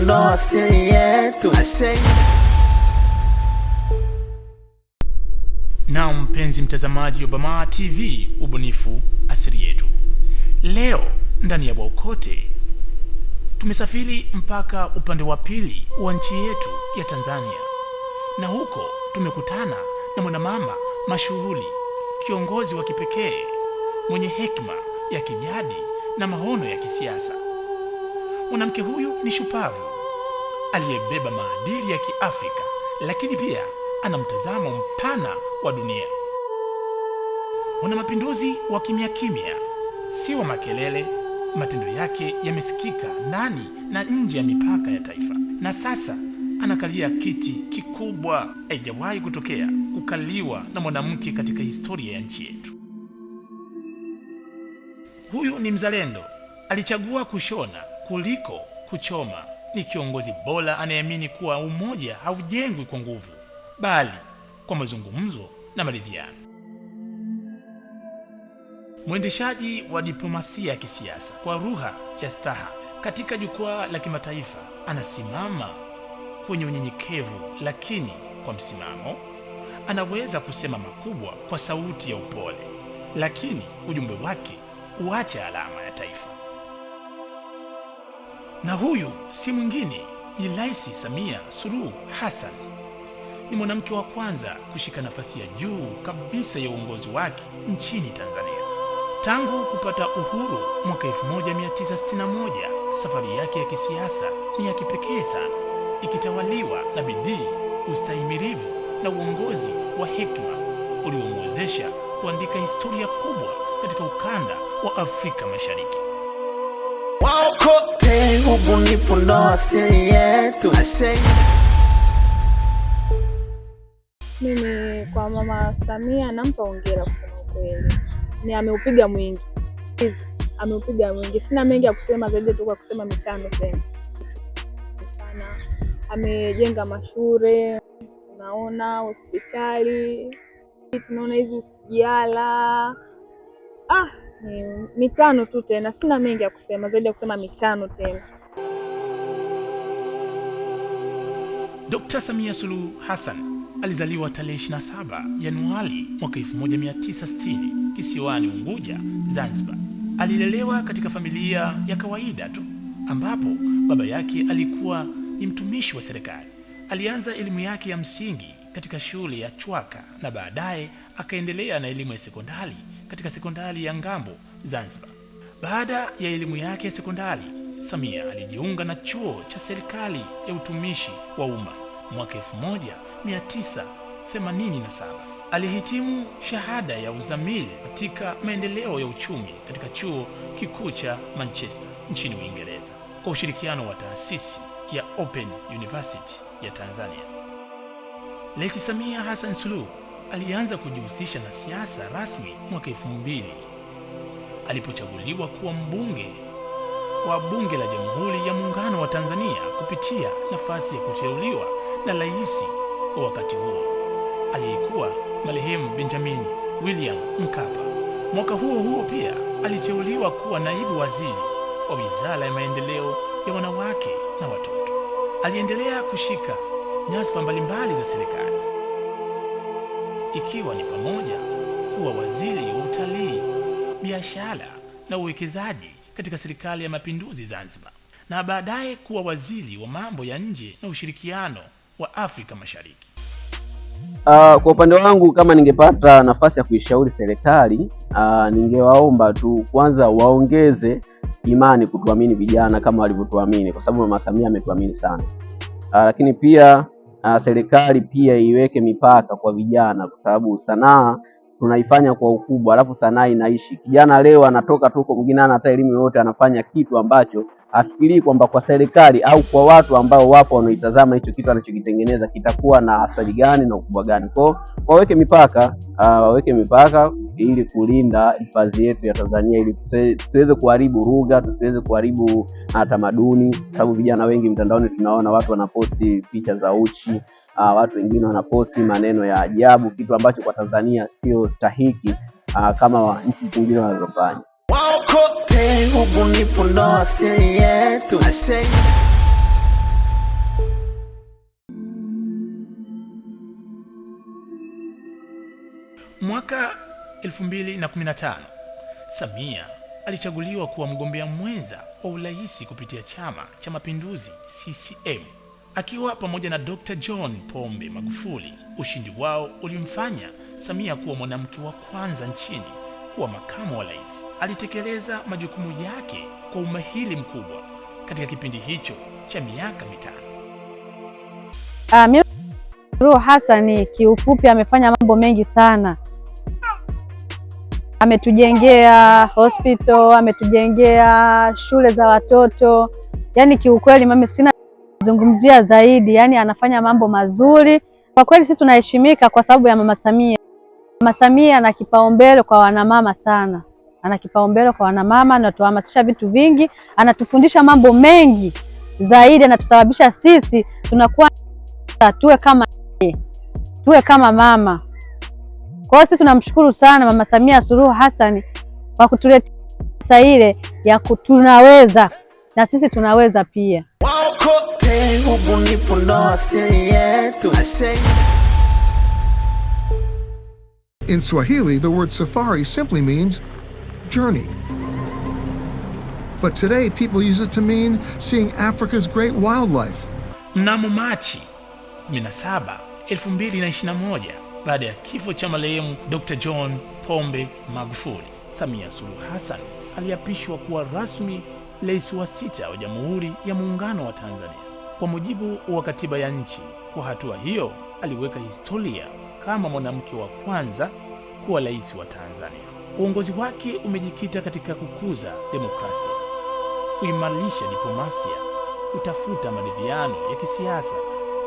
kuondoa asili yetu. Na mpenzi mtazamaji wa Bamaa TV, ubunifu asili yetu. Leo ndani ya bwaukote tumesafiri mpaka upande wa pili wa nchi yetu ya Tanzania, na huko tumekutana na mwanamama mashuhuri, kiongozi wa kipekee mwenye hekima ya kijadi na maono ya kisiasa. Mwanamke huyu ni shupavu aliyebeba maadili ya Kiafrika, lakini pia ana mtazamo mpana wa dunia. mapinduzi wa kimya kimya, si wa makelele. Matendo yake yamesikika ndani na nje ya mipaka ya taifa, na sasa anakalia kiti kikubwa. Haijawahi kutokea kukaliwa na mwanamke katika historia ya nchi yetu. Huyu ni mzalendo, alichagua kushona kuliko kuchoma. Ni kiongozi bora anayeamini kuwa umoja haujengwi kwa nguvu, bali kwa mazungumzo na maridhiano. Mwendeshaji wa diplomasia ya kisiasa kwa lugha ya staha katika jukwaa la kimataifa anasimama kwenye unyenyekevu, lakini kwa msimamo. Anaweza kusema makubwa kwa sauti ya upole, lakini ujumbe wake huacha alama ya taifa na huyu si mwingine ni Raisi Samia Suluhu Hassan. Ni mwanamke wa kwanza kushika nafasi ya juu kabisa ya uongozi wake nchini Tanzania tangu kupata uhuru mwaka 1961. Safari yake ya kisiasa ni ya kipekee sana, ikitawaliwa na bidii, ustahimilivu na uongozi wa hekima uliomwezesha kuandika historia kubwa katika ukanda wa Afrika Mashariki. Hey, ubunifu ndo asili yetu. Mimi kwa Mama Samia nampa hongera, kusema kweli ni ameupiga mwingi, ameupiga mwingi. Sina mengi ya kusema zaidi tu kwa kusema mitano tena sana. Amejenga mashule, tunaona hospitali, tunaona hizi sijala ah mitano tu tena, sina mengi ya kusema zaidi ya kusema mitano tena. Dkt. Samia Suluhu Hassan alizaliwa tarehe 27 Januari mwaka 1960 kisiwani Unguja, Zanzibar. Alilelewa katika familia ya kawaida tu ambapo baba yake alikuwa ni mtumishi wa serikali. Alianza elimu yake ya msingi katika shule ya Chwaka na baadaye akaendelea na elimu ya sekondari katika sekondari ya Ngambo, Zanzibar. Baada ya elimu yake ya sekondari, Samia alijiunga na chuo cha serikali ya utumishi wa umma mwaka 1987. Alihitimu shahada ya uzamili katika maendeleo ya uchumi katika chuo kikuu cha Manchester nchini Uingereza kwa ushirikiano wa taasisi ya Open University ya Tanzania. Rais Samia Hassan Suluhu alianza kujihusisha na siasa rasmi mwaka 2000 alipochaguliwa kuwa mbunge wa Bunge la Jamhuri ya Muungano wa Tanzania kupitia nafasi ya kuteuliwa na rais wa wakati huo aliyekuwa marehemu Benjamin William Mkapa. Mwaka huo huo pia aliteuliwa kuwa naibu waziri wa Wizara ya Maendeleo ya Wanawake na Watoto. Aliendelea kushika nyadhifa mbalimbali za serikali, ikiwa ni pamoja kuwa waziri wa utalii, biashara na uwekezaji katika serikali ya mapinduzi Zanzibar, na baadaye kuwa waziri wa mambo ya nje na ushirikiano wa Afrika Mashariki. Uh, kwa upande wangu kama ningepata nafasi ya kuishauri serikali uh, ningewaomba tu kwanza waongeze imani kutuamini vijana kama walivyotuamini, kwa sababu Mama Samia ametuamini sana uh, lakini pia na serikali pia iweke mipaka kwa vijana, kwa sababu sanaa tunaifanya kwa ukubwa, alafu sanaa inaishi. Kijana leo anatoka tu, mwingine ana hata elimu yoyote, anafanya kitu ambacho afikirii kwamba kwa serikali au kwa watu ambao wapo wanaitazama hicho kitu anachokitengeneza kitakuwa na athari gani na ukubwa gani. Kwao waweke mipaka, ah, waweke mipaka ili kulinda hifadhi yetu ya Tanzania, ili tusiweze kuharibu lugha, tusiweze kuharibu tamaduni, sababu vijana wengi mtandaoni tunaona watu wanaposti picha za uchi, uh, watu wengine wanaposti maneno ya ajabu, kitu ambacho kwa Tanzania sio stahiki, uh, kama nchi zingine wanazofanya. Mwaka 2015 Samia alichaguliwa kuwa mgombea mwenza wa urais kupitia Chama cha Mapinduzi CCM akiwa pamoja na Dr. John Pombe Magufuli. Ushindi wao ulimfanya Samia kuwa mwanamke wa kwanza nchini kuwa makamu wa rais. Alitekeleza majukumu yake kwa umahiri mkubwa katika kipindi hicho cha miaka mitano. Suluhu ah, Hassan kiufupi amefanya mambo mengi sana ametujengea hospital, ametujengea shule za watoto. Yani kiukweli, mimi sina zungumzia zaidi, yani anafanya mambo mazuri kwa kweli. Sisi tunaheshimika kwa sababu ya mama Samia. Mama Samia ana kipaumbele kwa wanamama sana, ana kipaumbele kwa wanamama, anatuhamasisha vitu vingi, anatufundisha mambo mengi zaidi, anatusababisha sisi tunakuwa tuwe kama tuwe kama mama kwa hiyo sisi tunamshukuru sana Mama Samia Suluhu Hassan kwa kutuletea fursa ile ya kutunaweza na sisi tunaweza pia. In Swahili, the word safari simply means journey. But today people use it to mean seeing Africa's great wildlife. Mnamo Machi 17, 2021 baada ya kifo cha marehemu Dr. John Pombe Magufuli. Samia Suluhu Hassan aliapishwa kuwa rasmi rais wa sita wa Jamhuri ya Muungano wa Tanzania kwa mujibu wa katiba ya nchi. Kwa hatua hiyo, aliweka historia kama mwanamke wa kwanza kuwa rais wa Tanzania. Uongozi wake umejikita katika kukuza demokrasia, kuimarisha diplomasia, kutafuta maridhiano ya kisiasa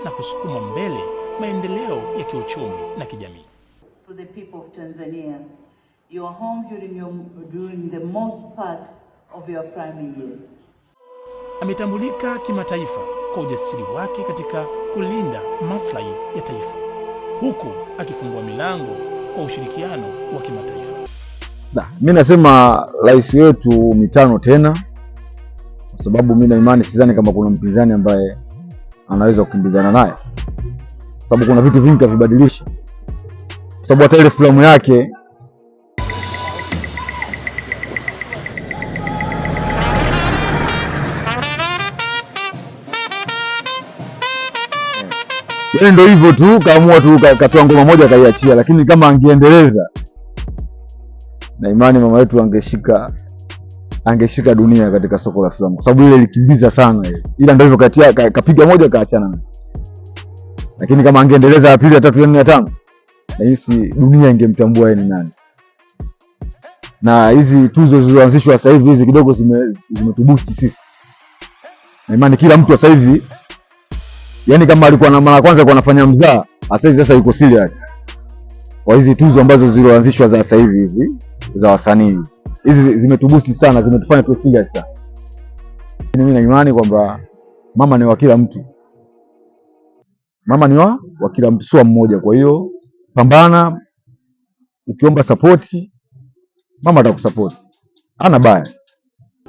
na kusukuma mbele maendeleo ya kiuchumi na kijamii. For the people of Tanzania, you are home during your, during the most part of your prime years. Ametambulika kimataifa kwa ujasiri wake katika kulinda maslahi ya taifa huku akifungua milango kwa ushirikiano wa kimataifa. Na, mi nasema rais wetu mitano tena, kwa sababu mi na imani, sidhani kama kuna mpinzani ambaye anaweza kukimbizana naye sababu kuna vitu vingi kavibadilisha, kwa sababu hata ile filamu yake yaani ndio hivyo tu, kaamua tu katoa ngoma moja akaiachia, lakini kama angeendeleza na imani mama yetu angeshika angeshika dunia katika soko la filamu, kwa sababu ile ilikimbiza sana ile, ila ndio hivyo katia kapiga moja kaachana naye lakini kama angeendeleza ya pili ya tatu ya nne ya tano, nahisi dunia ingemtambua yeye ni nani. Na hizi tuzo zilizoanzishwa sasa hivi hizi kidogo zimetubusti zime sisi, na imani kila mtu sasa hivi, yani kama alikuwa na mara kwanza kwa anafanya mzaa, sasa hivi sasa yuko serious kwa hizi tuzo ambazo zilizoanzishwa za sasa hivi hizi za wasanii hizi zimetubusti sana, zimetufanya tu serious sana. Mimi na imani kwamba mama ni wa kila mtu mama ni wa wa kila sua mmoja. Kwa hiyo pambana, ukiomba sapoti mama atakusapoti, ana baya.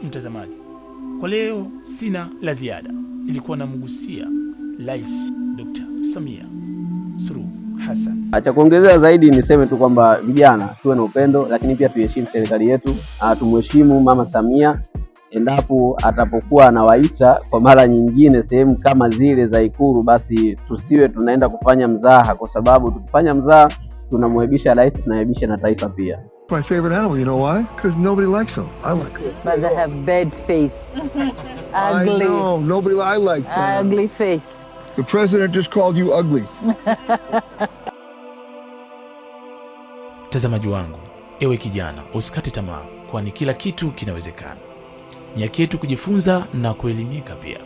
Mtazamaji, kwa leo sina la ziada, ilikuwa namgusia Rais Dr. Samia Suluhu Hassan. Acha kuongezea zaidi, niseme tu kwamba vijana tuwe na upendo, lakini pia tuheshimu serikali yetu, tumheshimu mama Samia endapo atapokuwa anawaita kwa mara nyingine sehemu kama zile za Ikulu, basi tusiwe tunaenda kufanya mzaha, kwa sababu tukifanya mzaha tunamwebisha rais, tunaebisha na taifa pia. My favorite animal, you know why? Because nobody likes them. I like them. But they have bad face. Ugly. I know, nobody, I like them. Ugly face. The president just called you ugly. Mtazamaji wangu, ewe kijana, usikate tamaa, kwani kila kitu kinawezekana ni haki yetu kujifunza na kuelimika pia.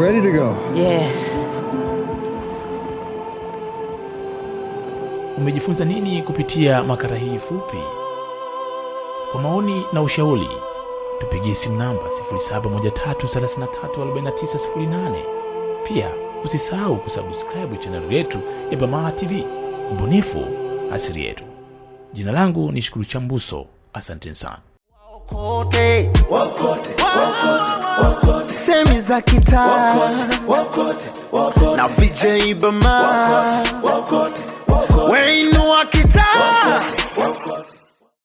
ready to go. Yes. Umejifunza nini kupitia makara hii fupi? Kwa maoni na ushauri tupigie simu namba 0713334908. Pia usisahau kusubscribe chaneli yetu ya Bamaa TV. Ubunifu asili yetu. Jina langu ni Shukuru Chambuso, asanteni sana. Wakote, wakote, wakote, wakote. Semi za kitaa na VJ wakote, wakote. Wakote, wakote. wakote.